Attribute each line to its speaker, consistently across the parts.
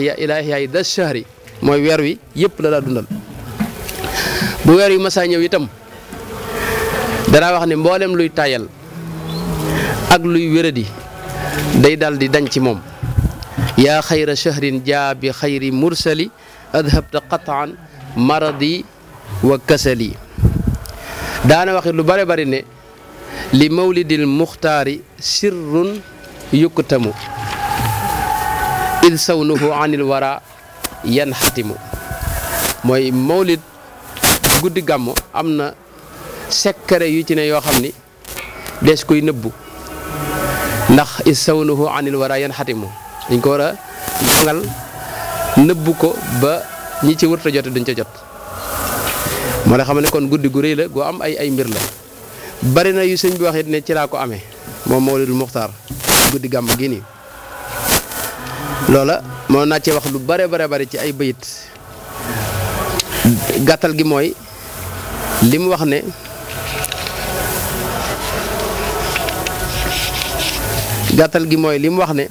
Speaker 1: ya ilaahi yaay da shahri mooy weer wi yëpp la laa dundal bu weer yu masaa ñëw itam danaa wax ne mboolem luy tayal ak luy wéradi day daldi di dañ ci moom yaa xayra shahrin jaa bi xayri mursali adhabta qataan maradi wa kasali daana waxit lu bare bari ne li mawlidil muxtaari sirrun yukkatamu id sawnuhu anil wara yanxatimu mooy mawlid guddi gàmmu am na sekkare yu ci ne yoo xam ni des kuy nëbbu ndax istawnuhu anil wara yan xatimu dañ ko war a jàngal nëbbu ko ba ñi ci wërta jot duñ ca jot moo la xam ne kon guddi gu réy la gu am ay ay mbir la bari na yu sëñ bi wax it ne ci laa ko amee moom Mawlidul Muxtaar guddi gàmmu gii nii loola moo naa cee wax lu bare bare bare ci ay bëyit gàttal gi mooy li wax ne gàttal gi mooy li wax ne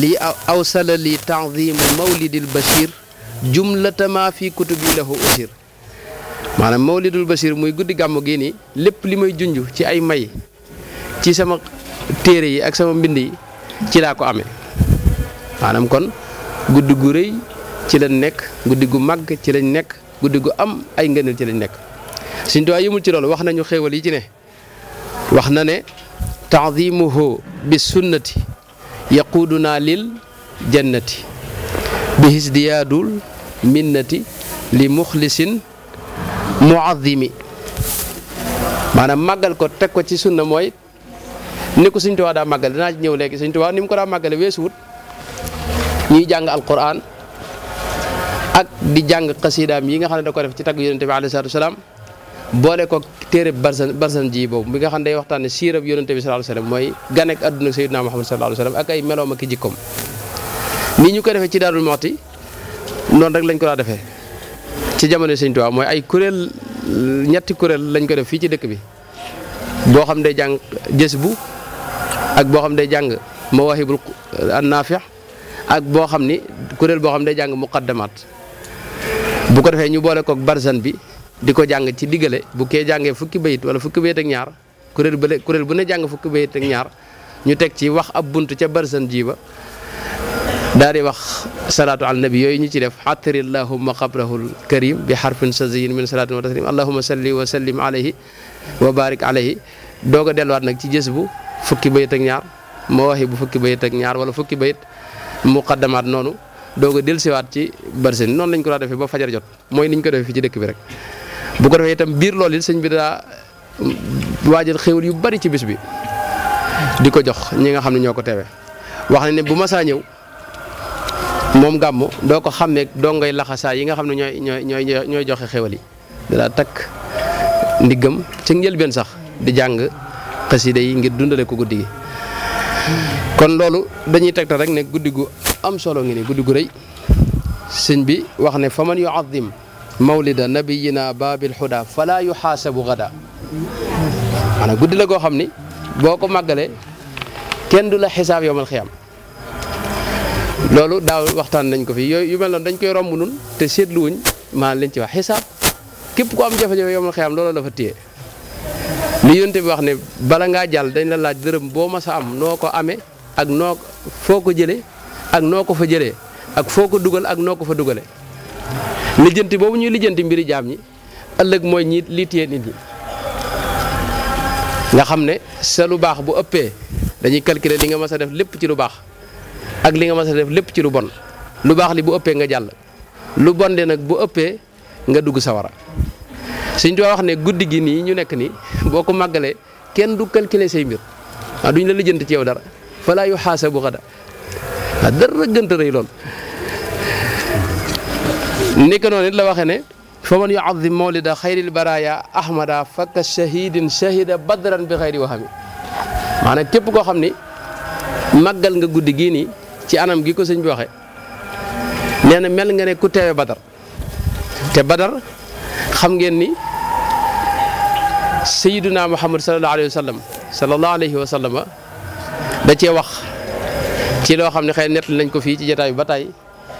Speaker 1: lii awsala li tanzimu mawlidil bashir jumlatama fi kutubi lahu usir maanaam mawlidul bashir muy guddi gàmmu gii nii lépp li may junj ci ay may ci sama téere yi ak sama mbind yi ci laa ko amee maanaam kon guddi gu rëy ci lañ nekk guddi gu màgg ci lañ nekk guddi gu am ay ngëneel ci lañ nekk Sëñ Tuubaa ci loolu wax nañu xéewal yi ci ne wax na ne taadimuhu bi sunnati yaquuduna lil jannati bi hisdiyaadul minnati li muxlisin muazimi maanaam màggal ko teg ko ci sunna mooy ni ko Sëñ daa màggal dinaa ñëw léegi Sëñ Tuubaa ni mu ko daa màggale weesuwut ñuy jàng alquran ak di jàng xasidaam yi nga xam ne da ko def ci tagg yonente bi alayhi salaatu boole ko téere barzan barzan ji boobu bi nga xam ne day waxtaane siirab yonente bi sallallahu alayhi wasallam mooy ganek àdduna sayyidina Muhammad sallallahu alayhi wasallam ak ay meloom ak i jikkoom nii ñu ko defee ci Daarul Muxti noonu rek lañ ko daa defee ci jamono Sëñ mooy ay kuréel ñetti kuréel lañ ko def fii ci dëkk bi boo xam day jàng jës ak boo xam day jàng mawahibul an-nafi' ak boo xam ni kuréel boo xam day jàng muqaddamaat bu ko defee ñu boole kook barzan bi di ko jàng ci diggale bu kee jàngee fukki bayit wala fukki bayit ak ñaar kuréel bële kuréel bu ne jàng fukki bayit ak ñaar ñu teg ci wax ab bunt ca barsan ji ba daal di wax salaatu ala nabi yooyu ñu ci def xattari allahumma qabrahul karim bi xarfin saziyin min salaatin wa taslim allahumma salli wa sallim alayhi wa barik alayhi doog a delluwaat nag ci jës bu fukki bayit ak ñaar moo waxi bu fukki bayit ak ñaar wala fukki bayit muqaddamaat noonu doog a dellusiwaat ci barsan noonu lañ ko daa defee ba fajar jot mooy niñ ko defee fi ci dëkk bi rek bu ko defee itam biir loolu it sëñ bi daa waajal xéwal yu bari ci bis bi di ko jox ñi nga xam ne ñoo ko teewee wax na ne bu masaa ñëw moom gàmmu doo ko xàmmee doo ngay laxasaa yi nga xam ne ñooy ñooy ñooy joxe xéwal yi daa takk ndiggam ci njëlbeen sax di jàng xasida yi ngir dundale ko guddi gi kon loolu dañuy tegtal rek ne guddi gu am solo ngi ne guddi gu rëy sëñ bi wax ne faman yu'azzim mawlida nabiyina babil huda fala yuhaasabu gada maanaam guddi la goo xam ni boo ko màggalee kenn du la xisaab yowmal xiyam loolu daaw waxtaan nañ ko fi yooyu yu mel noonu dañ koy romb nun te seetlu wuñ maanaam liñ ci wax xisaab képp ku am jafe-jafe yowmal xiyam loolu la fa téye li yoonte bi wax ne bala ngaa jàll dañ la laaj dërëm boo mas a am noo ko amee ak noo foo ko jële ak noo ko fa jëlee ak foo ko dugal ak noo ko fa dugalee lijjanti boobu ñuy lijjanti mbiri jaam ñi ëllëg mooy ñi liitee nit ñi nga xam ne sa lu baax bu ëppee dañuy calculer li nga mas a def lépp ci lu baax ak li nga mas a def lépp ci lu bon lu baax li bu ëppee nga jàll lu bon de nag bu ëppee nga dugg sawara suñ doo wax ne guddi gi nii ñu nekk nii boo ko màggalee kenn du calculer say mbir waaw duñ la lijjanti ci yow dara falaa yu xaasa bu xada waaw dara gënt rëy lool ni ko noonu la waxee ne fa man yuazim mawlida bara baraya ahmada fakka shahidin shahida badran bi xayri waxami maanaam képp koo xam ni màggal nga guddi gii nii ci anam gi ko sëñ bi waxee nee na mel nga ne ku teewe badar te badar xam ngeen ni sayiduna muhammad salallahu alayhi wa sallam salallahu alayhi wa sallam da cee wax ci loo xam ne xëy nett nañ ko fii ci jataay bi ba tey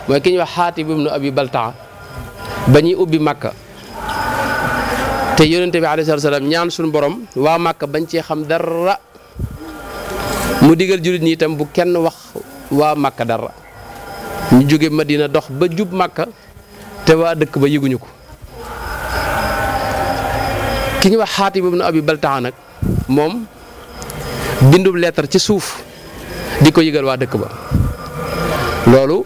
Speaker 1: mooy ki ñuy wax xaatib ibnu abi baltaa ba ñuy ubbi màkka te yonente bi alayhi salaam ñaan suñu boroom waa màkka bañ cee xam dara mu digal jullit ñi itam bu kenn wax waa màkka dara ñu jóge ma Madina dox ba jub màkka te waa dëkk ba yëguñu ko ki ñu wax Xaatib ibnu Abi Baltaa nag moom bindub leetar ci suuf di ko yëgal waa dëkk ba loolu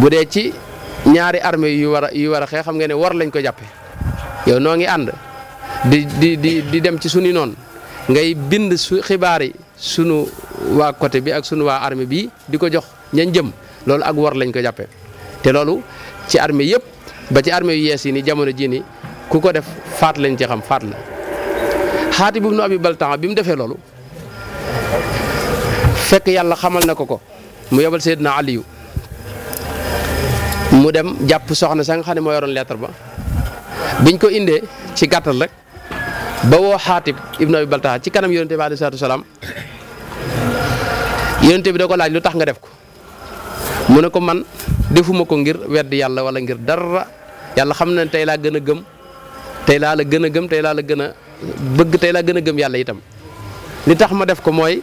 Speaker 1: bu dee ci ñaari armée yu war a yu war a xeex xam nga ne war lañ ko jàppe yow noo ngi ànd di di di di dem ci sunu noon ngay bind su xibaar yi sunu waa côté bi ak sunu waa armée bi di ko jox ñañ jëm loolu ak war lañ ko jàppe te loolu ci armée yëpp ba ci armee yu yees yi ni jamono jii ni ku ko def faat lañ ci xam faat la xaati bu nu abi baltan bi mu defee loolu fekk yàlla xamal na ko ko mu yebal Seydina Aliyu mu dem jàpp soxna sa nga xam moo yoroon lettre ba biñ ko indee ci gàttal rek ba woo xaatib ibnu abi baltaxa ci kanam yonente bi aleyhi salaatu salaam yonente da ko laaj lu tax nga def ko mu ne ko man defuma ko ngir wedd yàlla wala ngir dara yàlla xam na ne tey laa gën a gëm tey laa la gën a gëm tey laa la gën a bëgg tey laa gën a gëm yàlla itam li tax ma def ko mooy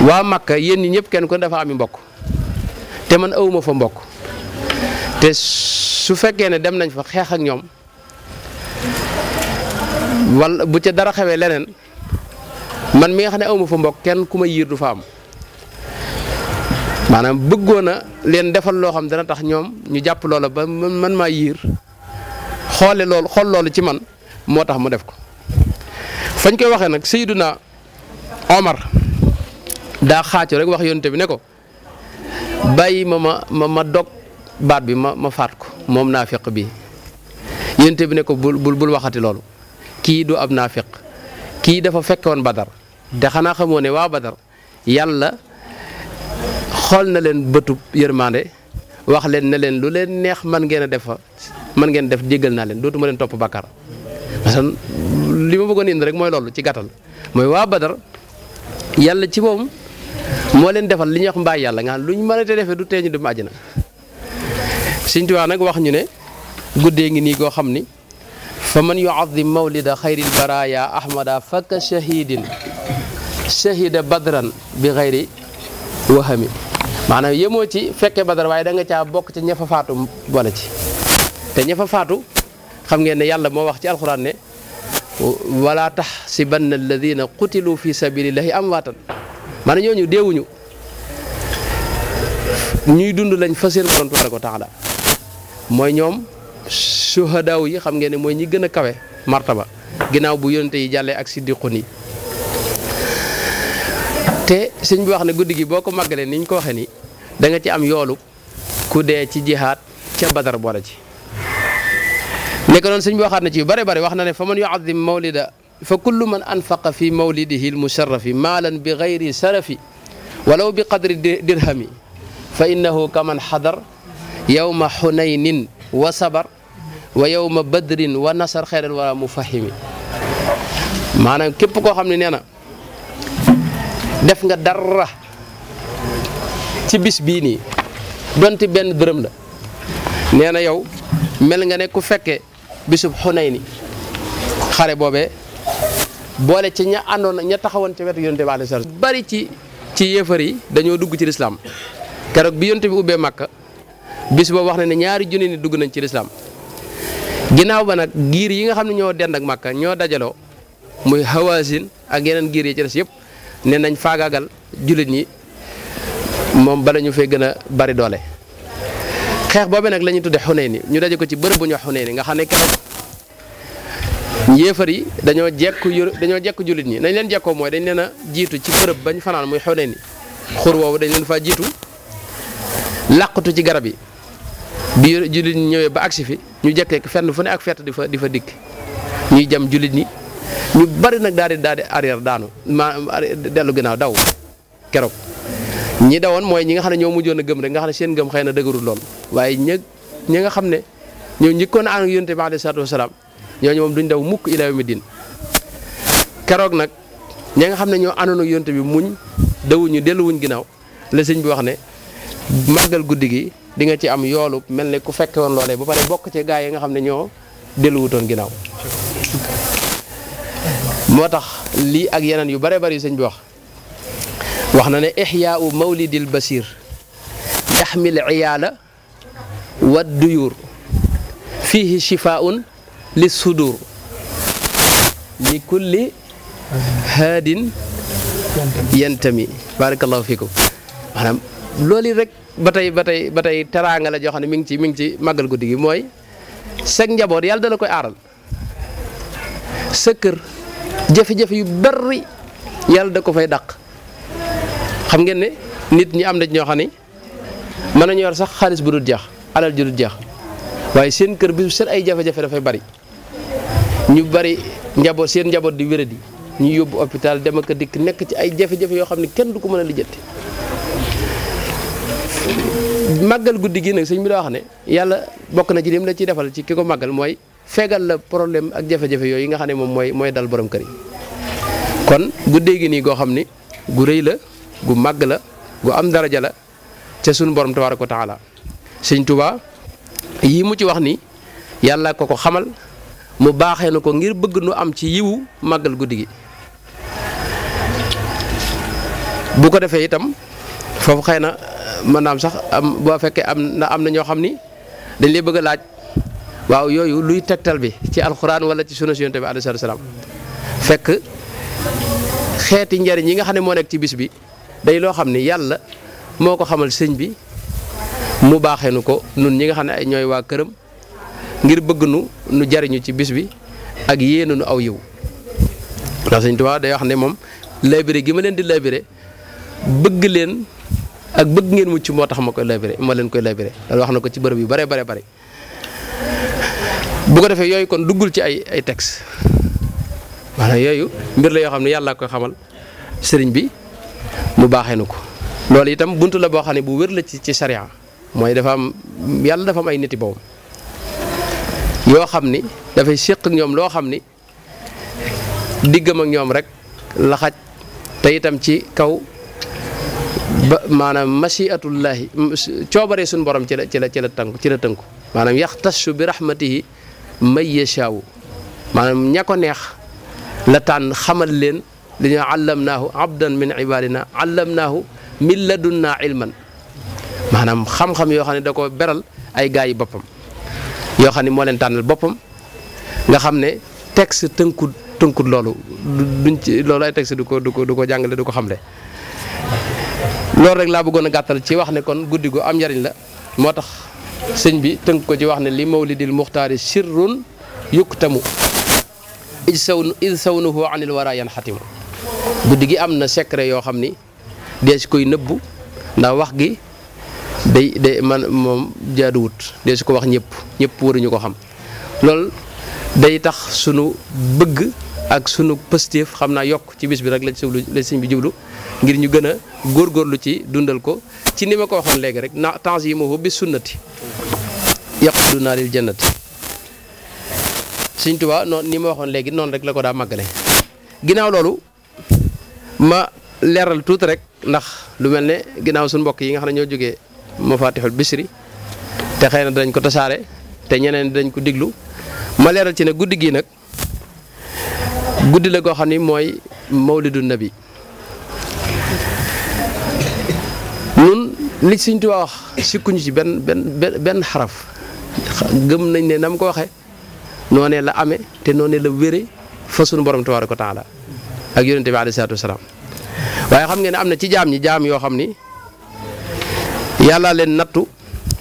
Speaker 1: waa Makka yéen ñi ñëpp kenn ko dafa ami mbokk te man awuma fa mbokk te su fekkee ne dem nañ fa xeex ak ñoom wala bu ca dara xewee leneen man mi nga xam ne awma fa mbokk kenn ku ma yiir du fa am maanaam bëggoon a leen defal loo xam dana tax ñoom ñu jàpp loola ba man maa yiir xoole loolu xool loolu ci man moo tax mu def ko fañ koy waxee nag naa Omar daa xaacu rek wax yonte bi ne ko bàyyi ma ma ma dog baat bi ma ma faat ko moom naafiq bi yénte bi ne ko bul bul waxati loolu kii du ab naafiq kii dafa fekkoon badar te xanaa xamoo ne waa badar yàlla xool na leen bëtub yërmande wax leen ne leen lu leen neex man ngeen a def man ngeen def jéggal naa leen dootuma leen topp bakkar parce li ma bëggoon indi rek mooy loolu ci gatal mooy waa badar yàlla ci moom moo leen defal li ñuy wax mbaay yàlla nga xam luñ mën a defee du teeñu dem na Sëñ Tuubaa nag wax ñu ne guddee ngi nii koo xam ni fa man yuazim mawlida xayril baraaya ahmada fakka shahidin shahida badran bi xayri wahami maanaam yemoo ci fekke badar waaye da nga bokk ci ñafa faatu boole ci te ña faatu xam ngeen ne yàlla moo wax ci alxuraan ne wala taxsibanna alladina qutilu fi sabilillahi amwaatan maanaam ñooñu deewuñu ñuy dund lañ fa seen borom tabaraka wa taala mooy ñoom suhadaaw yi xam ngeen ne mooy ñi gën a kawe martaba ginnaaw bu yonente yi jàllee ak siddiqun yi te sëñ bi wax ne guddi gi boo ko màggalee ni ñu ko waxee ni da ci am yoolu ku dee ci jihaad ca badar boole ci nekk noonu sëñ bi waxaat na ci yu bare bare wax na ne fa man yuazim mawlida fa kullu man anfaqa fi mawlidihi almusharrafi maalan bi gayri sarafi walaw bi qadri dirhami fa innahu kaman xadar yawma xunaynin wa sabar wa yawma badrin wa nasar xeeral wala mu fahimi maanaam képp koo xam ne nee na def nga dara ci bis bii nii donte benn dërëm la nee na yow mel nga ne ku fekkee bisub xunayni xare boobe boole ci ña àndoon ña taxawoon ca wetu yonte bi aleyhi salaam bari ci ci yéefar yi dañoo dugg ci lislaam keroog bi yonte bi ubbee Makka bis boobu wax na ne ñaari junni nit dugg nañ ci lislaam ginnaaw ba nag giir yi nga xam ne ñoo dend ak makka ñoo dajaloo muy hawaasin ak yeneen giir yi ci des yëpp ne nañ faagaagal jullit ñi moom bala ñu fay gën a bari doole. xeex boobee nag lañu ñuy tudde xunee ni ñu daje ko ci bërëb bu ñoo wax xunee ni nga xam ne keroog yéefar yi dañoo jekku dañoo jekku jullit yi nañ leen jekkoo mooy dañ leen a jiitu ci bërëb bañ fanaan muy xunee ni xur woowu dañ leen faa jiitu làqatu ci garab yi. bi jullit ñi ñëwee ba agsi fi ñu jekkee fenn fu ne ak fett di fa di dikk ñuy jam jullit ñi ñu bari nag daal di daal di arrière daanu ma dellu ginnaaw daw keroog ñi dawoon mooy ñi nga xam ne ñoo mujjoon a gëm rek nga xam ne seen gëm xëy na dëgërul lool waaye ñë ñi nga xam ne ñoo njëkkoon a ànd ak yonent bi alayhi salaatu wasalaam ñooñu daw mukk ila yawmi din keroog nag ñi xam ne ñoo àndoon ak bi muñ dawuñu delluwuñ ginnaaw la sëñ bi wax ne màggal guddi gi di nga ci am yoolu mel ne ku fekke woon loolee ba pare bokk ci gaa yi nga xam ne ñoo delluwutoon ginnaaw moo tax lii ak yeneen yu bare bari sëñ bi wax wax na ne ixyaau mawlidil basir yaxmil iyaala wa duyuur fiihi shifaaun li sudur li kulli haadin yentami barakallahu fiikum loolu rek ba tey ba tey ba tey teraanga la joo xam ne mi ngi ci mi ngi ci màggal guddi mooy sag njaboot yàlla da koy aaral sa kër jafe-jafe yu yàlla da ko fay dàq xam ngeen ne nit ñi am na ñoo xam mën nañu yor sax xaalis bu dul jeex alal ju dul waaye seen kër bi seen ay jafe dafay bari ñu bari njaboot seen njaboot di wéradi ñu yóbbu hôpital dem ak dikk nekk ci ay jafe-jafe yoo xam ne kenn du ko mën a lijjanti màggal guddi gi nag sëñ bi daa wax ne yàlla bokk na ci lim la ciy defal ci ki ko màggal mooy fegal la problème ak jafe-jafe yooyu nga xam ne moom mooy mooy dal borom kër yi kon guddee gi nii goo xam ni gu rëy la gu màgg la gu am daraja la ca suñ borom tabaaraka wa taala sëñ Tuubaa yii mu ci wax ni yàlla ko ko xamal mu baaxee na ko ngir bëgg nu am ci yiwu màggal guddi gi bu ko defee itam foofu xëy na mën naa am sax am boo fekkee am na am na ñoo xam ni dañ lay bëgg a laaj waaw yooyu luy tegtal bi ci alxuraan wala ci sunna si bi alayhi salaatu salaam fekk xeeti njariñ yi nga xam ne moo nekk ci bis bi day loo xam ni yàlla moo ko xamal sëñ bi mu baaxee nu ko nun ñi nga xam ne ay ñooy waa këram ngir bëgg nu nu jariñu ci bis bi ak yéenu nu aw yiw ndax sëñ Tuubaa day wax ne moom laabire gi ma leen di laabire bëgg leen. ak bëgg ngeen mucc moo tax ma koy labiré ma leen koy labiré loolu wax na ko ci bërëb yu bare bare bare bu ko defee yooyu kon duggul ci ay ay texte yooyu mbir la yoo xam ne yàlla koy xamal sëriñ bi mu baaxee nu ko loolu itam buntu la boo xam ne bu wér la ci ci charia mooy dafa am yàlla dafa ay niti boobu yoo xam ni dafay séq ak ñoom loo xam ni diggam ak ñoom rek la te itam ci kaw ba maanaam machiatullahi coobaree suñu borom ci la ci la ci la tënku ci la tënku maanaam yaxtassu bi rahmatihi may yashaawu maanaam ña ko neex la tànn xamal leen li ñu allamnaahu abdan min ibadina allamnaahu min ladunnaa ilman maanaam xam-xam yoo xam ne da ko beral ay gaa yi boppam yoo xam ne moo leen tànnal boppam nga xam ne texte tënkut tënkut loolu duñ ci loolu ay texte du ko du ko du ko jàngale du ko xamle loolu rek laa bëggoon a gàttal ci wax ne kon guddi gu am njariñ la moo tax sëñ bi tënk ko ci wax ne li mawlidil muxtaari sirrun yuktamu ij sawn ij sawnuhu anil wara yan xatimu guddi gi am na secret yoo xam ni dee si koy nëbbu ndax wax gi day day man moom jaaduwut dee si ko wax ñëpp ñëpp waruñu ko xam loolu day tax sunu bëgg ak sunu pëstéef xam naa yokk ci bis bi rek lañ jublu lañ siñ bi jublu ngir ñu gën a góorgóorlu ci dundal ko ci ni ma ko waxoon léegi rek na temps yi moo bi sunnati yaqdu naa lil jannati sëñ Tuubaa noonu ni ma waxoon léegi noonu rek la ko daa maggale ginnaaw loolu ma leeral tuuti rek ndax lu mel ne ginnaaw suñu mbokk yi nga xam ne ñoo jógee Mafatihul bisiri te xëy na dañ ko tasaare te ñeneen dañ ko diglu ma leeral ci ne guddi gii nag guddi la goo xam ni mooy mawlidu nabi nun li Sëñ Tuubaa wax sikkuñu ci benn benn benn xaraf gëm nañ ne nam ko waxee noonee la ame te noonee la wére fa sunu borom ko wa la ak yonente bi alayhi salaatu waaye xam ngeen ne am na ci jaam ñi jaam yoo xam ni yàlla leen nattu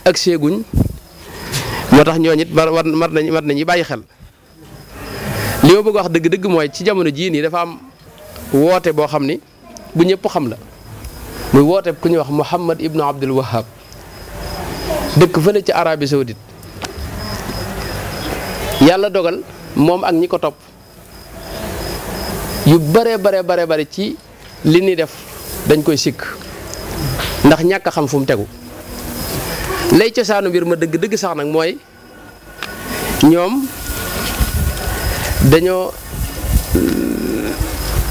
Speaker 1: ak seeguñ moo tax ñooñu it war war nañ war nañu bàyyi xel li ma bëgg wax dëgg-dëgg mooy ci jamono jii nii dafa am woote boo xam ni bu ñëpp xam la muy woote ku ñuy wax Muhammad Ibnu Abdul Wahab dëkk fële ci Arabie Saoudite yàlla dogal moom ak ñi ko topp yu bare bare bare bare ci li ni def dañ koy sikk ndax ñàkk xam fu mu tegu lay cosaanu mbir ma dëgg dëgg sax nag mooy ñoom dañoo mm,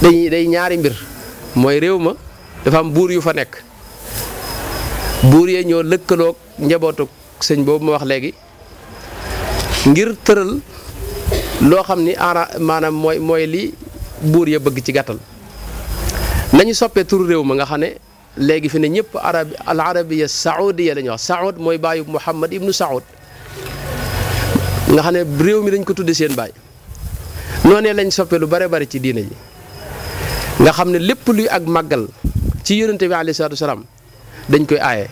Speaker 1: dañuy day ñaari mbir mooy réew ma dafa am buur yu fa nekk buur yee ñoo lëkkaloog njabootu sëñ boobu ma wax léegi ngir tëral loo xam ni ara maanaam mooy li buur ya bëgg ci gàttal nañu soppee tur réew ma nga xam ne léegi fi ne ñëpp arab al arabiya saoudiya la ñuy wax saoud mooy baayu Muhammad ibnu Saoud nga xam ne réew mi dañ ko tudde seen baay noonee lañ soppe lu bare bari ci diine ji nga xam ne lépp luy ak màggal ci yonente bi alayhi salaatu salaam dañ koy aaye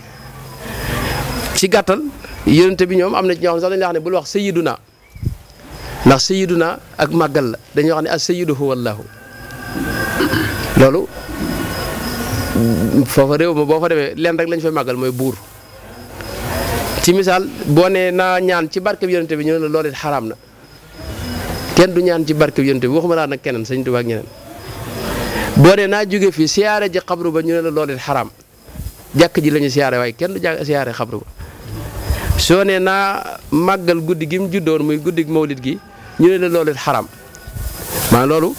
Speaker 1: ci gàttal yonente bi ñoom am na ci ñoo xam ne sax dañuy wax ne bul wax sayyiduna ndax sayyiduna ak màggal la dañuy wax ne as sayyidu huwa Allahu loolu foofa réew ma boo fa demee leen rek lañ fay màggal mooy buur ci misaal boo nee naa ñaan ci barke bi yonente bi ñu ne la loolu it xaraam na. kenn du ñaan ci barke yonent bi waxuma laa nag keneen sëñ Tuubaa ak ñeneen boo dee naa jóge fii siyaare ji xabru ba ñu ne la loolu xaraam jàkk ji la ñu siyaare waaye kenn du jàkk siyaare xabru ba soo nee naa màggal guddi gi mu juddoon muy guddi mawlid gi ñu ne la loolu xaraam maa loolu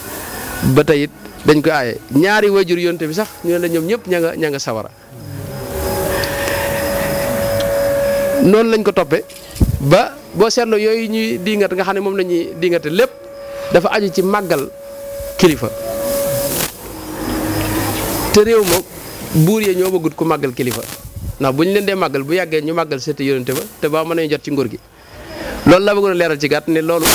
Speaker 1: ba teyit dañ ko aaye ñaari wajur yonent bi sax ñu ne la ñoom ñëpp ña nga ña nga sawara noonu lañ ko toppe ba boo seetloo yooyu ñuy diingat nga xam ne moom lañuy ñuy lépp dafa aju ci màggal kilifa te réew ma buur yee ñoo bëggut ku màggal kilifa ndax bu ñu leen dee màggal bu yàggee ñu màggal seeti yonente ba te ba mën a jot ci nguur gi loolu la bëggoon leeral ci gàtt ne loolu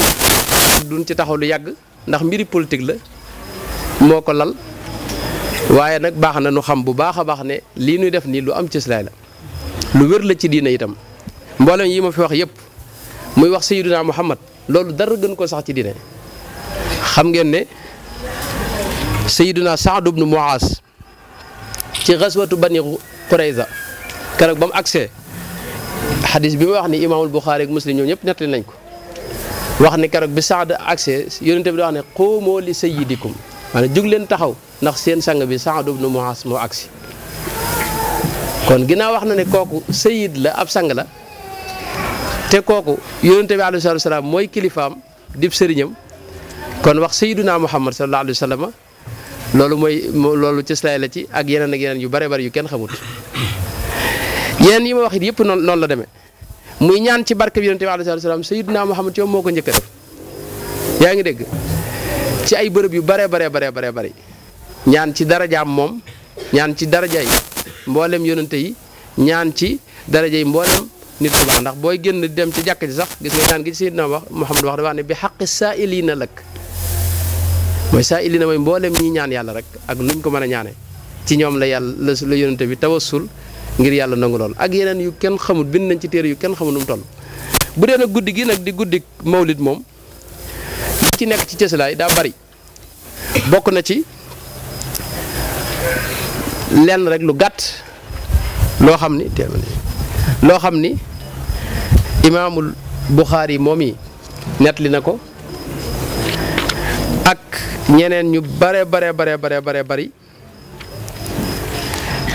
Speaker 1: duñ ci taxaw lu yàgg ndax mbiri politique la moo ko lal waaye nag baax na nu xam bu baax a baax ne lii nuy def nii lu am cëslaay la lu wér la ci diina itam mboolem yi ma fi wax muy wax sayyiduna Muhammad loolu dara gën ko sax ci diine xam ngeen ne sayyiduna Saad ibnu Muaas ci xaswatu bani Qurayza keroog ba mu agsee xadis bi ma wax ni imaamul Buxaari ak Muslim ñoom ñëpp nettali nañ ko wax ni keroog bi Saad agsee yonent bi wax ne qoomoo li sayyidikum maanaam leen taxaw ndax seen sang bi Saad ibnu Muaas moo agsi kon ginnaaw wax na ne kooku sayid la ab sang la te kooku yonente bi alayhi salaatu salaam mooy kilifaam dib sëriñam kon wax sayyiduna muhammad sallallahu alayhi wa sallam loolu mooy loolu cëslaay la ci ak yeneen ak yeneen yu bare bari yu kenn xamut yeneen yi ma wax it yëpp noonu noonu la demee muy ñaan ci barke bi yonente bi alayhi salaatu salaam sayyiduna muhammad yow moo ko njëkk a def yaa ngi dégg ci ay bërëb yu bare bare bare bare bari ñaan ci darajaam moom ñaan ci daraja yi mboolem yonente yi ñaan ci daraja yi nit ku baax ndax booy génn dem ci jàkk ji sax gis nga ñaan gi Seydina wax Muhammad wax dafa wax ne bi xaqi saa ilina lëkk mooy saa ilina mooy mboolem ñi ñaan yàlla rek ak nuñ ko mën a ñaane ci ñoom la yàlla la la yonente bi tawassul ngir yàlla nangu lool ak yeneen yu kenn xamul bind nañ ci téere yu kenn xamul nu mu toll bu dee nag guddi gi nag di guddi mawlid moom li ci nekk ci cëslaay daa bari bokk na ci lenn rek lu gàtt loo xam ni loo xam ni imaamul Buxaari moom yi nettali na ko ak ñeneen ñu bare bare bare bare bare bari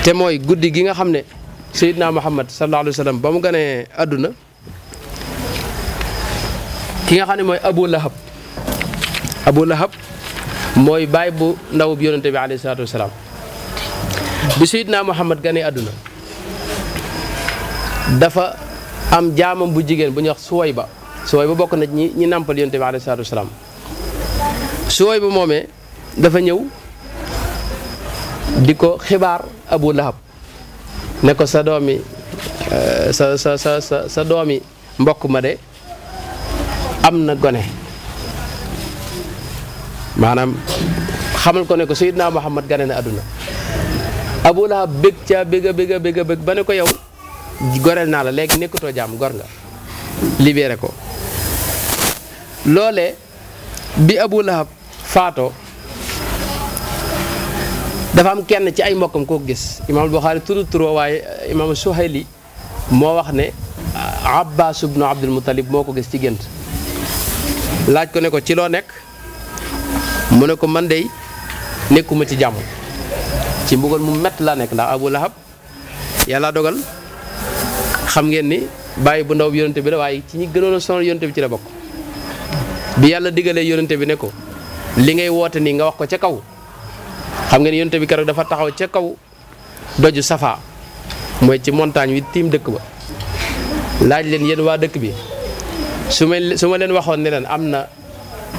Speaker 1: te mooy guddi gi nga xam ne Seydina Muhammad sallallahu alayhi ba mu ganee àdduna ki nga xam ne mooy Abu Lahab Abu Lahab mooy baay bu ndaw bi yonente bi alayhi salaatu wasalaam bi àdduna dafa am jaamam bu jigéen bu ñuy wax sooy ba bokk na ñi ñi nàmpal yonent bi alayhi salaatu wasalaam ba moomee dafa ñëw di ko xibaar Abu Lahab ne ko sa doomi eh, sa sa sa sa doomi mbokk ma de am na gone maanaam xamal ko ne ko Seydina Muhammad gane na àdduna Abu Lahab bég ca bég a bég a ba ne ko yow goreel naa la léegi nekkatoo jàmm gor nga libéré ko loole bi Abu Lahab faato dafa am kenn ci ay mbokkam koo gis imaamul Buxaari turu turo waaye eh, imaam Suhayli moo wax ne eh, Abbas ibnu Abdul Muttalib moo ko gis ci gént laaj ko ne ko ci loo nekk mu ne ko man dey nekkuma ci jàmm ci mbugal mu mett laa nekk ndax Abu Lahab yàlla dogal xam ngeen ni bàyyi bu ndaw bi yonente bi la waaye ci ñi gënoon a sonal yonente bi ci la bokk bi yàlla digalee yonente bi ne ko li ngay woote nii nga wax ko ca kaw xam ngeen yonente bi keroog dafa taxaw ca kaw doju safa mooy ci montagne wi tiim dëkk ba laaj leen yéen waa dëkk bi su ma su ma leen waxoon ne leen am na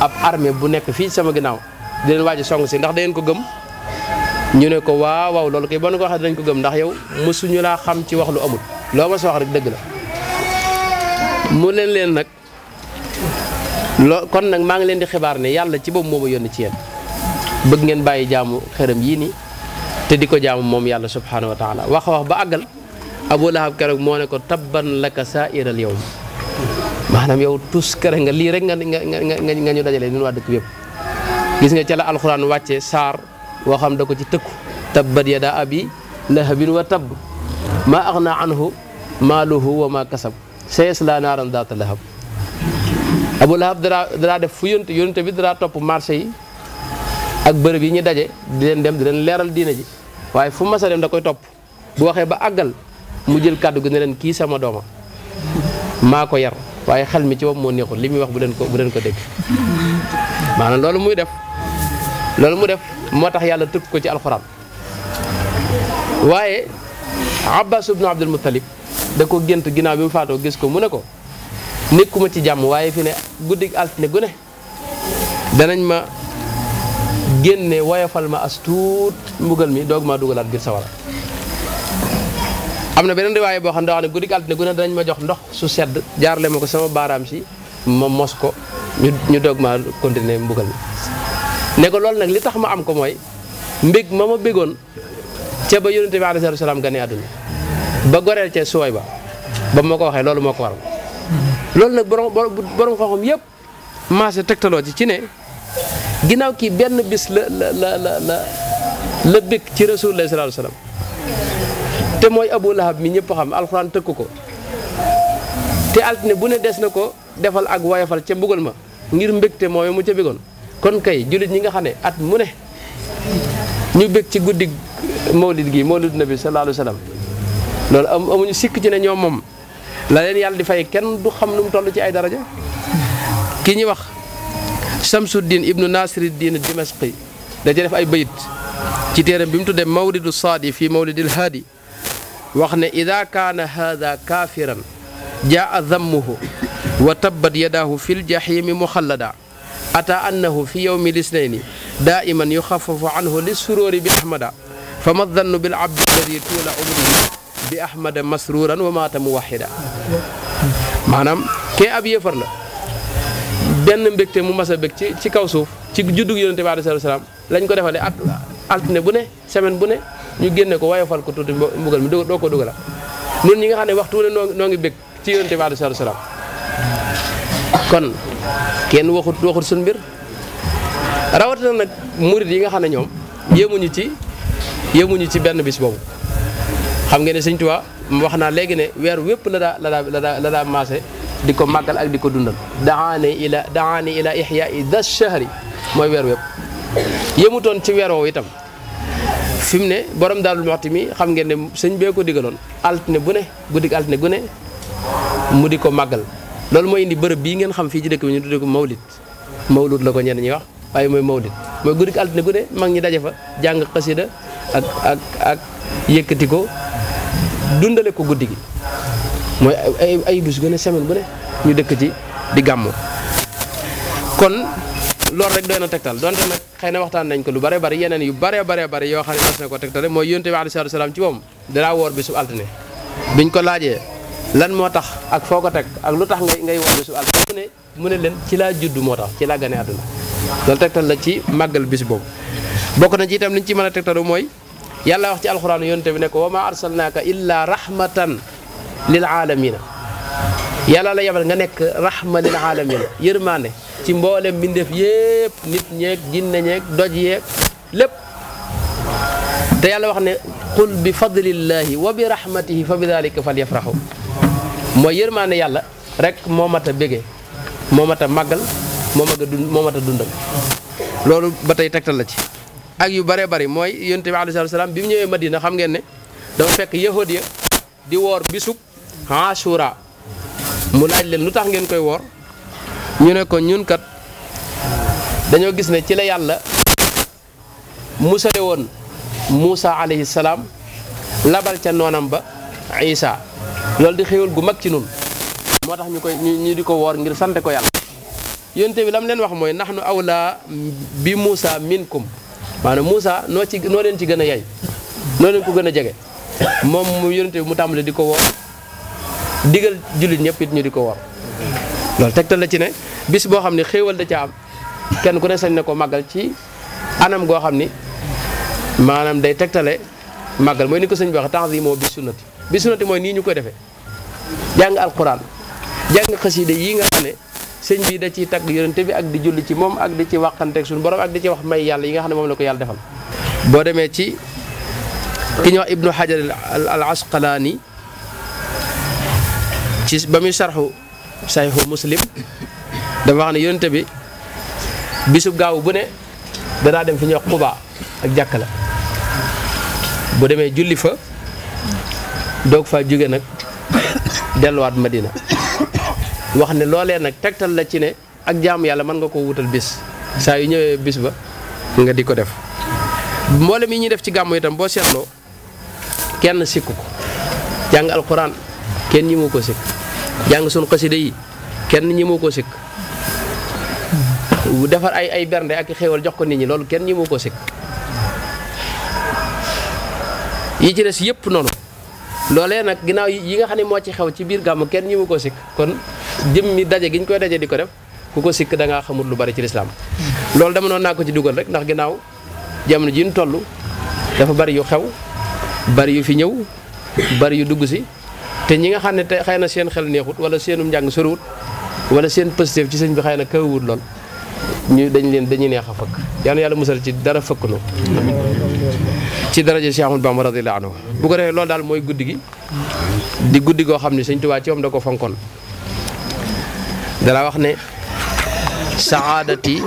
Speaker 1: ab armée bu nekk fii sama ginnaaw di leen waaj song si ndax da ngeen ko gëm ñu ne ko waaw waaw loolu ko boo ko waxee dinañ ko gëm ndax yow mësuñu laa xam ci wax lu amul loo ma sa wax rek dëgg la mu leen leen nag loo kon nag maa ngi leen di xibaar ne yàlla ci boobu moo ma yónni ci yéen bëgg ngeen bàyyi jaamu xërëm yii nii te di ko jaamu moom yàlla subhaanahu wa taala wax wax ba àggal Abu Lahab keroog moo ne ko tabban laka saa iral yow maanaam yow tus kere nga lii rek nga nga nga nga ñu dajale ñun waa dëkk bi yëpp gis nga ca la alxuraan wàcce saar woo xam da ko ci tëkku tabbat yadaa abi lahabin wa tabb maa aghnaa anhu maaluhu wa maa kasab sayaslaa naaran daata lahab abu lahab daraa dara def fu yonte yonte bi dara topp marché yi ak bërëb yi ñu daje di leen dem di leen leeral diina ji waaye fu masa dem da koy topp bu waxee ba àggal mu jël kàddu gi ne leen kii sama dooma maa ko yar waaye xel mi ci bopp moo neexul li muy wax bu leen ko bu leen ko dégg loolu muy def loolu mu def moo tax yàlla tëkk ko ci alxuraan waaye abbas ibnu abdul muttalib da ko gént ginaaw bi mu faatoo gis ko mu ne ko nekkuma ci jàmm waaye fi ne guddig altine gu ne danañ ma génne woyofal ma as tuut mbugal mi doog maa dugalaat biir sawara am na beneen riwaaye boo xam ne daa ne guddig altine gu ne danañ ma jox ndox su sedd jaarale ma ko sama baaraam si ma mos ko ñu ñu doog maa continuer mbugal mi ne ko loolu nag li tax ma am ko mooy mbég ma ma bégoon ca ba yonente bi alayhi salaam gane àdduna ba goreel ca suway ba ba moo ko waxee loolu moo ko waral loolu nag borom borom xam-xam yëpp maase tegtaloo ci ci ne ginnaaw kii benn bis la la la la la la ci rasulullah sallallahu alayhi te mooy abu lahab mi ñëpp xam alxuraan tëkk ko te altine bu ne des na ko defal ak wayafal ca mbugal ma ngir mbégte mooy mu ca bëggoon kon kay jullit ñi nga xam ne at mu ne ñu bëgg ci guddi gii gi mawlid nabi sallallahu alayhi wasallam loolu am amuñu sikk ci moom la leen yàlla di fay kenn du xam nu mu toll ci ay daraja ki ñuy wax Shamsuddin ibnu Nasiruddin Dimashqi da ci def ay bayit ci téeram bi mu tuddee mawlidu saadi fi mawlidil haadi wax ne ida kaana haada kaafiran jaa dammuhu wa tabbat yadaahu fi ljahimi muxallada ata annahu fi yowmi lisnayni daa'iman yuxafafu anhu lissuróori bi ahmada fa ma dannu bilabdi alladi tuula umrihi bi ahmada masruran wa maata mu muwahida maanaam kee ab yéefar la benn mbégte mu mas a ci ci kaw suuf ci juddug yonente bi alayhi salaam lañ ko defalee at altine bu ne semaine bu ne ñu génne ko woyofal ko tuuti mbugal mi doo ko la nun ñi nga xam ne waxtu ne noo noo ngi bég ci yonente bi alayhi salaam kon kenn waxut waxut suñ mbir rawatina nag murit yi nga xam ne ñoom yéemuñu ci yéemuñu ci benn bis boobu xam ngeen ne sëñ Tuubaa wax naa léegi ne weer wépp la daa daa la maase di ko màggal ak di ko dundal daane ila daane ila ihya i da shahri mooy weer wépp yëmutoon ci weer woowu itam fi mu ne boroom daalu waxtu mi xam ngeen ne sëñ bee ko digaloon altine bu ne guddik altine gu ne mu di ko màggal loolu mooy indi bërëb bii ngeen xam fii ci dëkk bi ñu tuddee ko mawlid la ko ñeen ñi wax waaye mooy mawlid mooy guddik altine bu ne mag ñi daje fa jàng xasida ak ak ak yëkkati ko dundale ko guddi gi mooy ay ay bés gën a semaine bu ne ñu dëkk ci di gàmmu kon loolu rek doy na tegtal donte xëy na waxtaan nañ ko lu bare bari yeneen yu bare bare bari yoo xam ne mas na ko tegtale mooy yonent bi alayhi salaatu salaam ci moom danaa woor bésu altine biñ ko laajee lan moo tax ak foo teg ak lu tax ngay ngay woor bésu altine mu ne mu leen ci laa judd moo tax ci laa gane àdduna loolu tegtal la ci màggal bis boobu bokk na ci itam liñ ci mën a tegtalu mooy yàlla wax ci alxuraan yonte bi ne ko wa ma arsalnaaka illa rahmatan lil aalamina yàlla la yabal nga nekk rahma lil aalamina yërmaande ci mboolem mbindeef yépp nit ñeeg jinne ñeeg doj yeeg lépp te yàlla wax ne qul bi fadlillahi wa bi rahmatihi fa bi dalika fal yafraxu mooy yërmaande yàlla rek moo mat a bégee moo mat a màggal moo mat a dund moo mat a dundal loolu ba tey tegtal la ci ak yu bëree bëri mooy yonent bi alayhi salaam bi mu ñëwee Madina xam ngeen ne dafa fekk yahud di woor bisub Ashura mu laaj leen lu tax ngeen koy woor ñu ne ko ñunkat dañoo gis ne ci la yàlla musale woon Muusa alayhi salaam labal ca noonam ba Isa loolu di xéwal gu mag ci nun moo tax ñu koy ñu di ko woor ngir sante ko yàlla yonent bi lam leen wax mooy ndax nahnu awla bi Muusa minkum maanaam Moussa noo ci noo leen ci gën a yay noo leen ko gën a jege moom mu yonente bi mu tàmbale di ko wor digal jullit ñëpp ñu di ko wor loolu tegtal la ci ne bis boo xam ne xéewal da ca am kenn ku ne sañ na ko màggal ci anam goo xam ni maanaam day tegtale màggal mooy ni ko sëñ bi wax tanzimo bi sunnati bi sunnati mooy nii ñu koy defe jàng alquran jàng xasida yi nga xam ne sëñ bi da ciy tagg yonente bi ak di julli ci moom ak di ci waxante ak suñu ak di ci wax may yàlla yi nga xam ne moom la ko yàlla defal boo demee ci ki ñuy wax ibnu xajar al asqalaani ci ba muy sarxu saxiixu muslim dafa wax ne yonente bi bisub gaaw bu ne danaa dem fi ñuy wax xubaa ak jàkk la bu demee julli fa doog faa jóge nag delluwaat madina wax ne loolee nag tegtal la ci ne ak jaamu yàlla mën nga koo wutal bis saa yu ñëwee bis ba nga di ko def mboolem yi ñu def ci gàmmu itam boo seetloo kenn sikk ko jàng alxuraan kenn ñi moo ko sikk jàng suñu xasida yi kenn ñi moo ko sikk defar ay ay bernde ak xéewal jox ko nit ñi loolu kenn ñi ko sikk yi ci des yëpp noonu loolee nag ginnaaw yi nga xam ne moo ci xew ci biir gàmmu kenn ñi mu ko sikk kon jëmmi daje gi ñu koy daje di ko def ku ko sikk dangaa ngaa xamul lu bari ci lislaam loolu dama noon naa ko ci dugal rek ndax ginnaaw jamono ji ñu toll dafa bari yu xew bari yu fi ñëw bari yu dugg si te ñi nga xam ne te xëy na seen xel neexut wala seenum njàng soriwut wala seen positif ci sëñ bi xay na kawwut lool ñu dañ leen dañuy neex a fëkk yal na yàlla musal ci dara fëkk nu ci daraja Cheikh Ahmadou Bamba radiyallahu anhu bu ko defee loolu daal mooy guddi gi di guddi koo xam ne sëñ Tuubaa ci moom ko fonkoon dalaa wax ne saadati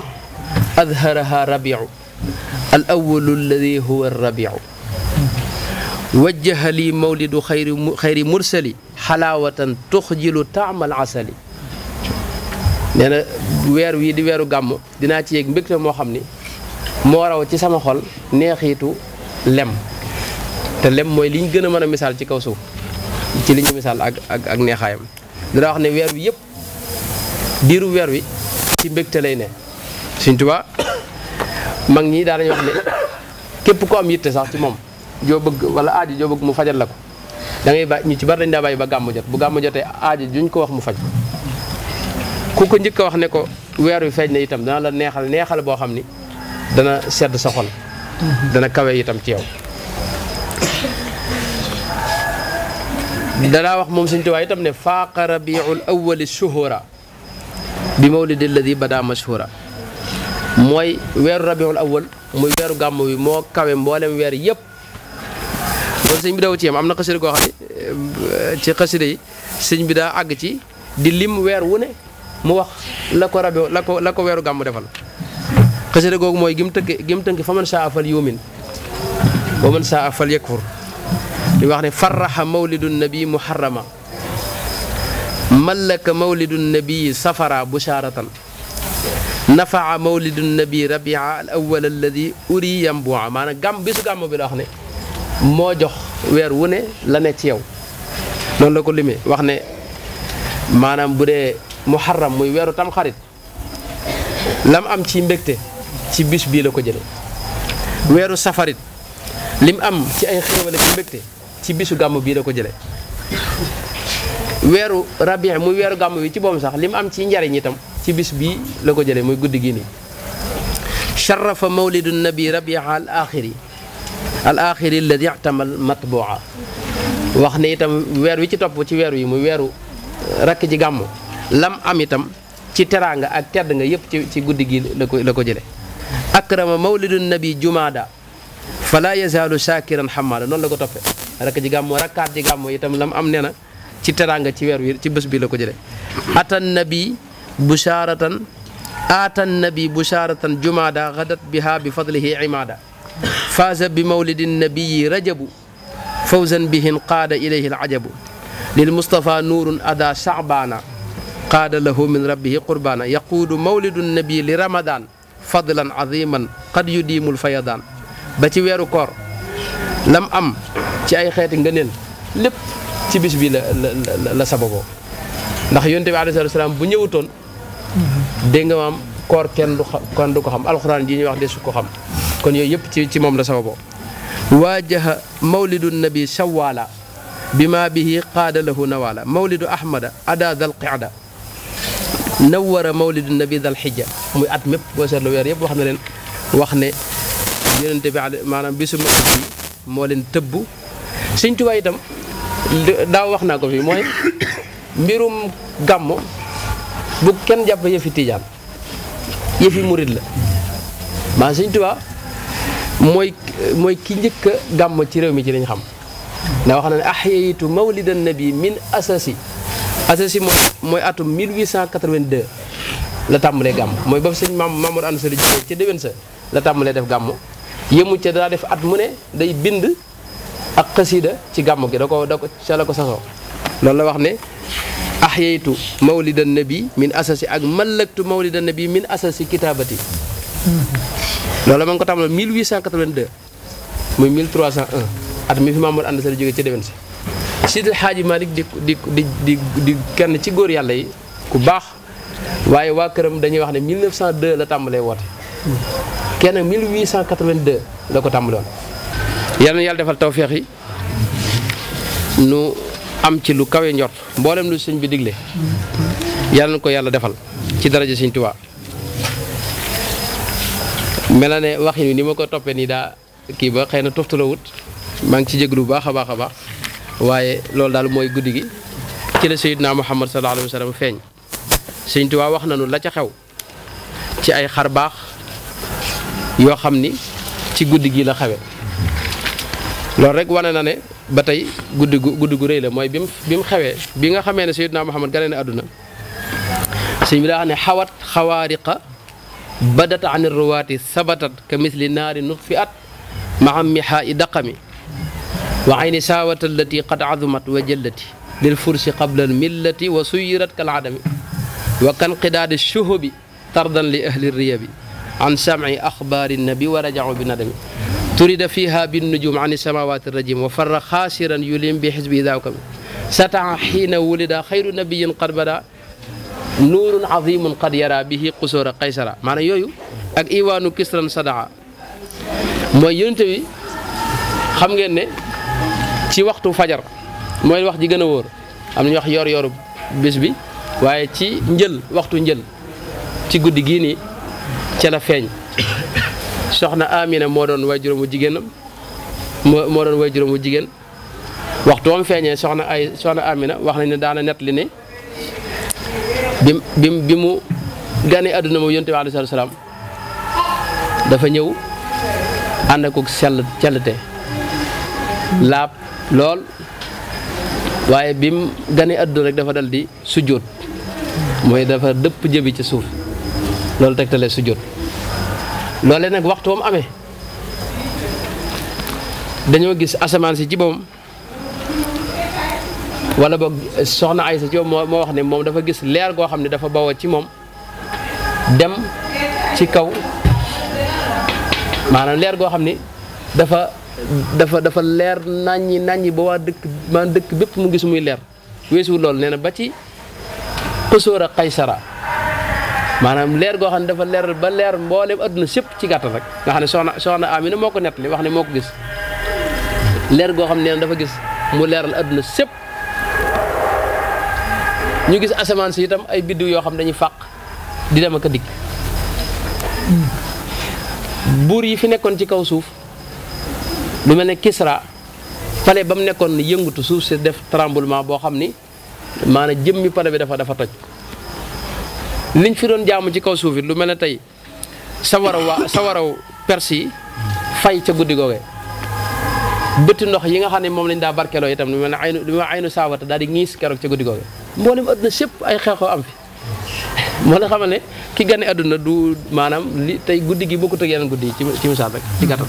Speaker 1: adharaha rabiu al awalu alladi huwa rabiu wajjaha li mawlidu xayri xayri mursali xalaawatan tuxjilu taamal asali nee na weer wii di weeru gàmm dinaa ci yéeg mbégte moo xam ni moo raw ci sama xol neexiitu lem te lem mooy li ñu gën a mën a misaal ci kaw suuf ci li ñu misaal ak ak ak neexaayam dina wax ne weer wi yëpp diiru weer wi ci mbégte lay ne Sëñ Tuubaa mag ñi daa dañuy wax ne képp ko am yitte sax ci moom joo bëgg wala aajo joo bëgg mu fajal la ko dangay ngay ba ñu ci bari dañ daa bàyyi ba gàmmu jot bu gàmmu jotee aajo juñ ko wax mu faj ku ko njëkk a wax ne ko weer wi feeñ na itam dana la neexal neexal boo xam ni dana sedd sa xol dana kawe itam ci yaw danaa wax moom Sëñ Tuubaa itam ne faaqa rabiul awwali shuhura bi mawlidi alladi bada mashhura mooy weeru rabiul awal muy weeru gàmm wi moo kawe mboolem weer yépp loolu sëñ bi daw am na xasida goo xam eh, yi sëñ bi daa àgg ci di lim weer wu ne mu wax la ko rabi la ko la ko weeru gàmm defal xasida googu mooy gim tënk gim tënk fa man saa afal yumin wa man saa afal yakfur di wax ne farraha mawlidu nabi muharrama mallaka mawlidu nabii safara busharatan nafaa mawlidu nabi rabia al awal alladi uri yambua maanaam gàmm bisu gàmm bi la wax ne moo jox weer wu ne la ne ci yow noonu la ko limee wax ne maanaam bu dee muharram muy weeru tamxarit lam am ci mbégte ci bis bii la ko jële weeru safarit lim am ci ay xéewal ak mbégte ci bisu gàmm bii la ko jële weeru rabi muy weeru gàmm wi ci boobu sax li mu am ci njariñ itam ci bis bii la ko jëlee muy guddi gi nii sharafa mawlidu nabi rabia al axiri al axiri alladi ixtamal matbua wax ne itam weer wi ci topp ci weeru wi muy weeru eh, rakk ji gàmm lam am itam ci teraanga ak tedd nga yëpp ci ci guddi gii la ko la ko jëlee akrama mawlidu nabi jumaada fala yazaalu shakiran xamaada noonu la ko toppee rakk ji gàmmo rakkaat ji gàmmo itam lam am nee na ci teraanga ci weer wi ci bés bi ko jëlee atan nabi busharatan aatan nabi busharatan jumaada gadat biha bi fadlihi imaada faaza bi mawlidi nabiyi rajabu fawzan bihin qaada ilayhi alajabu lil mustafa nuurun ada saabaana qaada lahu min rabbihi qurbaana yaquudu mawlidu nabi li ramadaan fadlan aziman qad yudiimul fayadaan ba ci weeru koor lam am ci ay xeeti ngëneel ci bis bi la la la sababoo ndax yonte bi bu ñëwutoon dégg nga maam koor kenn du kenn ko xam alxuraan ji ñuy wax de su ko xam kon yooyu yëpp ci ci moom la sababoo waajaha mawlidu nabi sawaala bima bihi qaada lahu nawaala mawlidu ahmada ada dal qicda nawara mawlidu nabi dal xijja muy at mépp boo seetlu weer yëpp wax na leen wax ne yonente bi maanaam bisu mawlid bi moo leen tëbb Sëñ Tuubaa itam daaw wax naa ko fi mooy mbirum gàmm bu kenn jàpp yëfi tijaan yëfi murit la maa Sëñ Tuubaa mooy mooy ki njëkk a gàmm ci réew mi ci lañ xam ndax wax na ne ahyayitu mawlidan nabi min asasi asasi mooy mooy atum 1882 la tàmbalee gàmm mooy ba sëñ maam Mamour Ansari jógee ca déwén sa la tàmbalee def gàmm yëmu ca daa def at mu ne day bind ak xasiida ci gàmm gi da ko da ko ca la ko sasoo loolu la wax ne ahyaytu mawlida nabi min asasi ak mallaktu mawlida nabi min asasi kitaabati loolu ma man ko tàmbali 1882 muy 1301 at mi fi Mamadou Anta Sali jóge ci déwén si Sidil Xaaji Malik di di di di kenn ci góor yàlla yi ku baax waaye waa këram dañuy wax ne 1902 la tàmbalee woote kenn 1882 la ko tàmbaloon yal na yàlla defal tawféex yi nu am ci lu kawe njort mboolem lu sëñ bi digle yal na ko yàlla defal ci daraja sëñ Tuubaa mel na ne waxin wi ni ma ko toppee nii daa kii ba xëy na toftalawut maa ngi ci jéglu lu baax a baax a baax waaye loolu daal mooy guddi gi ci la Seydina Muhammad sallallahu alayhi wa sallam feeñ sëñ Tuubaa wax nañu la ca xew ci ay xar baax yoo xam ni ci guddi gi la xewe loolu rek wane na ne ba tey guddi gu guddi gu rëy la mooy bi mu bi mu xewee bi nga xamee ne Seydina Muhammad gane na àdduna sëñ bi daa xam ne xawat xawaariqa badat an ruwaati sabatat ka misli naari nutfi at maham mihaa i daqami wa ayni saawat allati qad azumat wa jëllati lil fursi qabla al millati wa suyirat kal adami wa kan qidaadi shuhubi tardan li ahli riyabi an sam'i axbaari nabi wa rajau bi turida fiha binnujum an samawati rajim wa farra xaasiran yulim bi xisbi idaaw kam sataa xiina wulida xayru nabiyin qad bada nuurun azimun qad yara bihi qusura qaysara maanaam yooyu ak iwaanu kisran sadaa mooy yonent bi xam ngeen ne ci waxtu fajar mooy wax ji gën a am nañu wax yor yoru bi waaye ci njël waxtu njël ci guddi gii nii feeñ soxna Amina moo doon wayjuróomu jigéenam moo moo doon wayjuróomu jigéen waxtu feeñee soxna ay soxna Amina wax nañ ne daana nett li ne bi bi mu gane àdduna moom yonte bi alayhi salaam dafa ñëw ànd ak sell sellte laab lool waaye bi mu gane àdduna rek dafa dal di sujjóot mooy dafa dëpp jëbi ci suuf loolu tegtalee sujjóot loole nag waxtu mu amee dañoo gis asamaan si ci moom walla boog soxna Aysa ci moom moo wax ne moom dafa gis leer goo xam ne dafa bawoo ci moom dem ci kaw maanaam leer goo xam ne dafa dafa dafa leer naññi naññi ba waa dëkk maanaam dëkk bépp mu gis muy leer weesuwul lool nee na ba ci pësoor a Qaysara maanaam leer goo xam ne dafa leer ba leer mboolem adduna sépp ci gàttal rek nga xam ne soxna soxna Amina moo ko nettali wax ne moo ko gis leer goo xam ne dafa gis mu leeral adduna sépp ñu gis asamaan si itam ay biddiw yoo xam ne dañuy fàq di dem ak a dikk buur yi fi nekkoon ci kaw suuf lu mel ne Kisra fale ba mu nekkoon yëngutu suuf si def tremblement boo xam ni maanaam jëmmi pale bi dafa dafa toj liñ fi doon jaamu ci kaw suuf lu mel na tey sawaraw waa sawaraw perse yi fay ca guddi googee bëtt ndox yi nga xam ne moom lañ daa barkeloo itam lu mel ne aynu lu ma aynu saawata daal di ñiis keroog ca guddi googee mboolem adduna sépp ay xew-xew am fi moo la xamal ne ki gane adduna du maanaam li tey guddi gi bokkut ak yeneen guddi yi ci ci misaal rek ci gàttal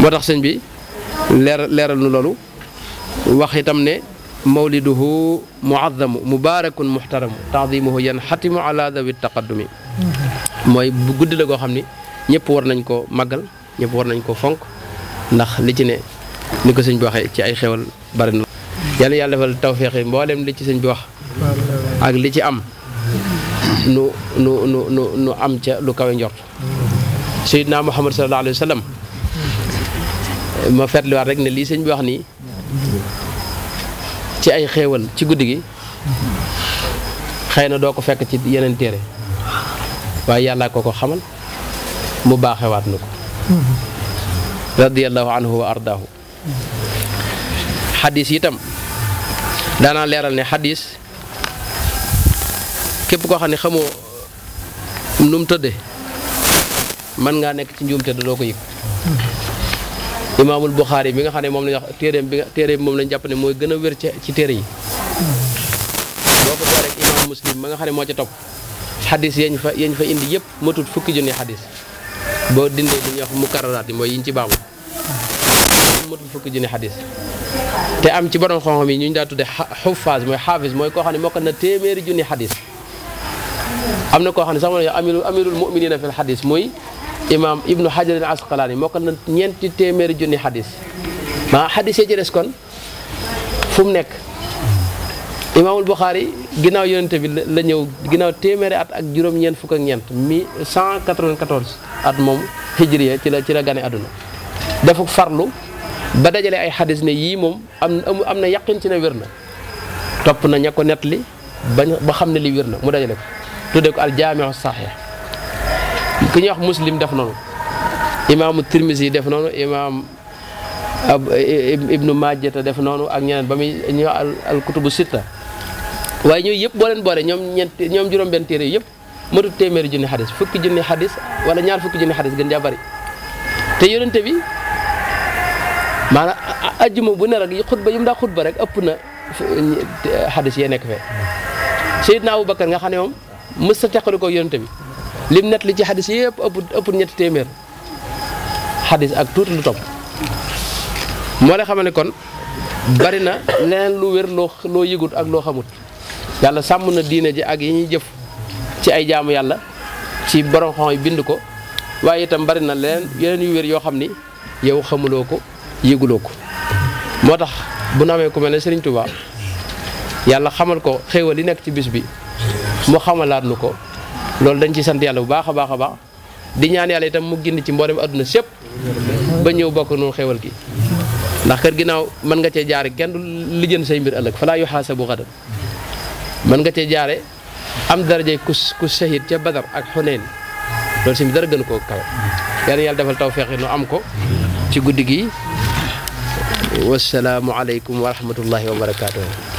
Speaker 1: moo tax sëñ bi leer leeral nu loolu wax itam ne mawliduhu muazzamu mubaarakun muxtaramu taadimuhu yan xatimu ala dawi taqaddumi mooy bu guddi la goo xam ni ñëpp war nañ ko màggal ñëpp war nañ ko fonk ndax li ci ne ni ko sëñ bi waxee ci ay xewal bari na yàlla yàlla defal tawféex yi mboolem li ci sëñ bi wax ak li ci am nu nu nu nu am ca lu kawe njort naa Muhammad sallallahu alayhi wa sallam li fetliwaat rek ne lii sëñ bi wax nii ci ay xéewal ci guddi gi xëy na doo ko fekk ci yeneen téere waaye yàlla ko ko xamal mu baaxewaat na ko radiyallahu anhu wa ardaahu xadis itam daanaa leeral ne xadis képp koo xam ne xamoo nu mu tëdde mën ngaa nekk ci njuumte da doo ko yëg imaamul Buxaari bi nga xam ne moom la ñuy wax téere bi nga téere bi moom lañ jàpp ne mooy gën a wér ci téere yi boo ko booleeg imaam muslim ma nga xam ne moo ci topp xadis yañ fa yañ fa indi yëpp matut fukki junni xadis boo dindee li yiñ ci baamu matut fukki junni xadis te am ci borom xam-xam yi ñu daa tudde xufaas mooy xaafis mooy koo xam ne mokkal na téeméeri junni xadis am na koo xam ne sax mooy amirul amirul muminina fil xadis muy imaam ibnu hajar al asqalaani mokkal na ñeenti téeméeri junni xadis maa xadis yee ci des kon fu mu nekk imaamul buxaari ginnaaw yonente bi la ñëw ginnaaw téeméeri at ak juróom-ñeent fukk ak ñeent mi 194 at moom hijriya ci la ci la gane àdduna dafa farlu ba dajale ay xadis ne yii moom am am na yaqin ci ne wér na topp na ña ko nettali ba ba xam ne li wér na mu dajale ko tuddee ko al jaamiu saxiix ku ñuy wax muslim def noonu imaamu tirmisi def noonu imaam ibnu majjata def noonu ak ñeneen ba muy ñu al kutubu sitta waaye ñooyu yëpp boo leen boole ñoom ñeent ñoom juróom-benn téere yëpp matut téeméeri junni xadis fukki junni xadis wala ñaar fukki junni xadis gën jaa bari te yonente bi maanaam ajjuma bu ne rek xutba yi mu daa xutba rek ëpp na xadis yee nekk fee Seydina Abubakar nga xam ne moom mës sa teqali ko yonente bi lim net li ci xadis yëpp ëpp ëpp ñetti téeméer xadis ak tuuti lu topp moo lay xamal ne kon bari na leneen lu wér loo loo yëgut ak loo xamut yàlla sàmm na diine ji ak yi ñuy jëf ci ay jaamu yàlla ci borom xam yi bind ko waaye itam bari na leneen yeneen yu wér yoo xam ni yow xamuloo ko yëguloo ko moo tax bu ñu amee ku mel ne Serigne yàlla xamal ko xéewal yi nekk ci bis bi mu xamalaat nu ko. loolu dañ ci sant yàlla bu baax a baax a baax di ñaan yàlla itam mu génn ci mboolem adduna sépp ba ñëw bokk noonu xewal gi ndax kër ginnaaw mën nga cee jaare kenn du lijjën say mbir ëllëg falaa yu xaasa bu xadam mën nga cee jaare am darajey kus ku sahid ca badar ak xuneen loolu si dara gën koo kaw yàlla yàlla defal taw feexi nu am ko ci guddi gi wasalaamu aleykum wa rahmatullahi wa barakaatu.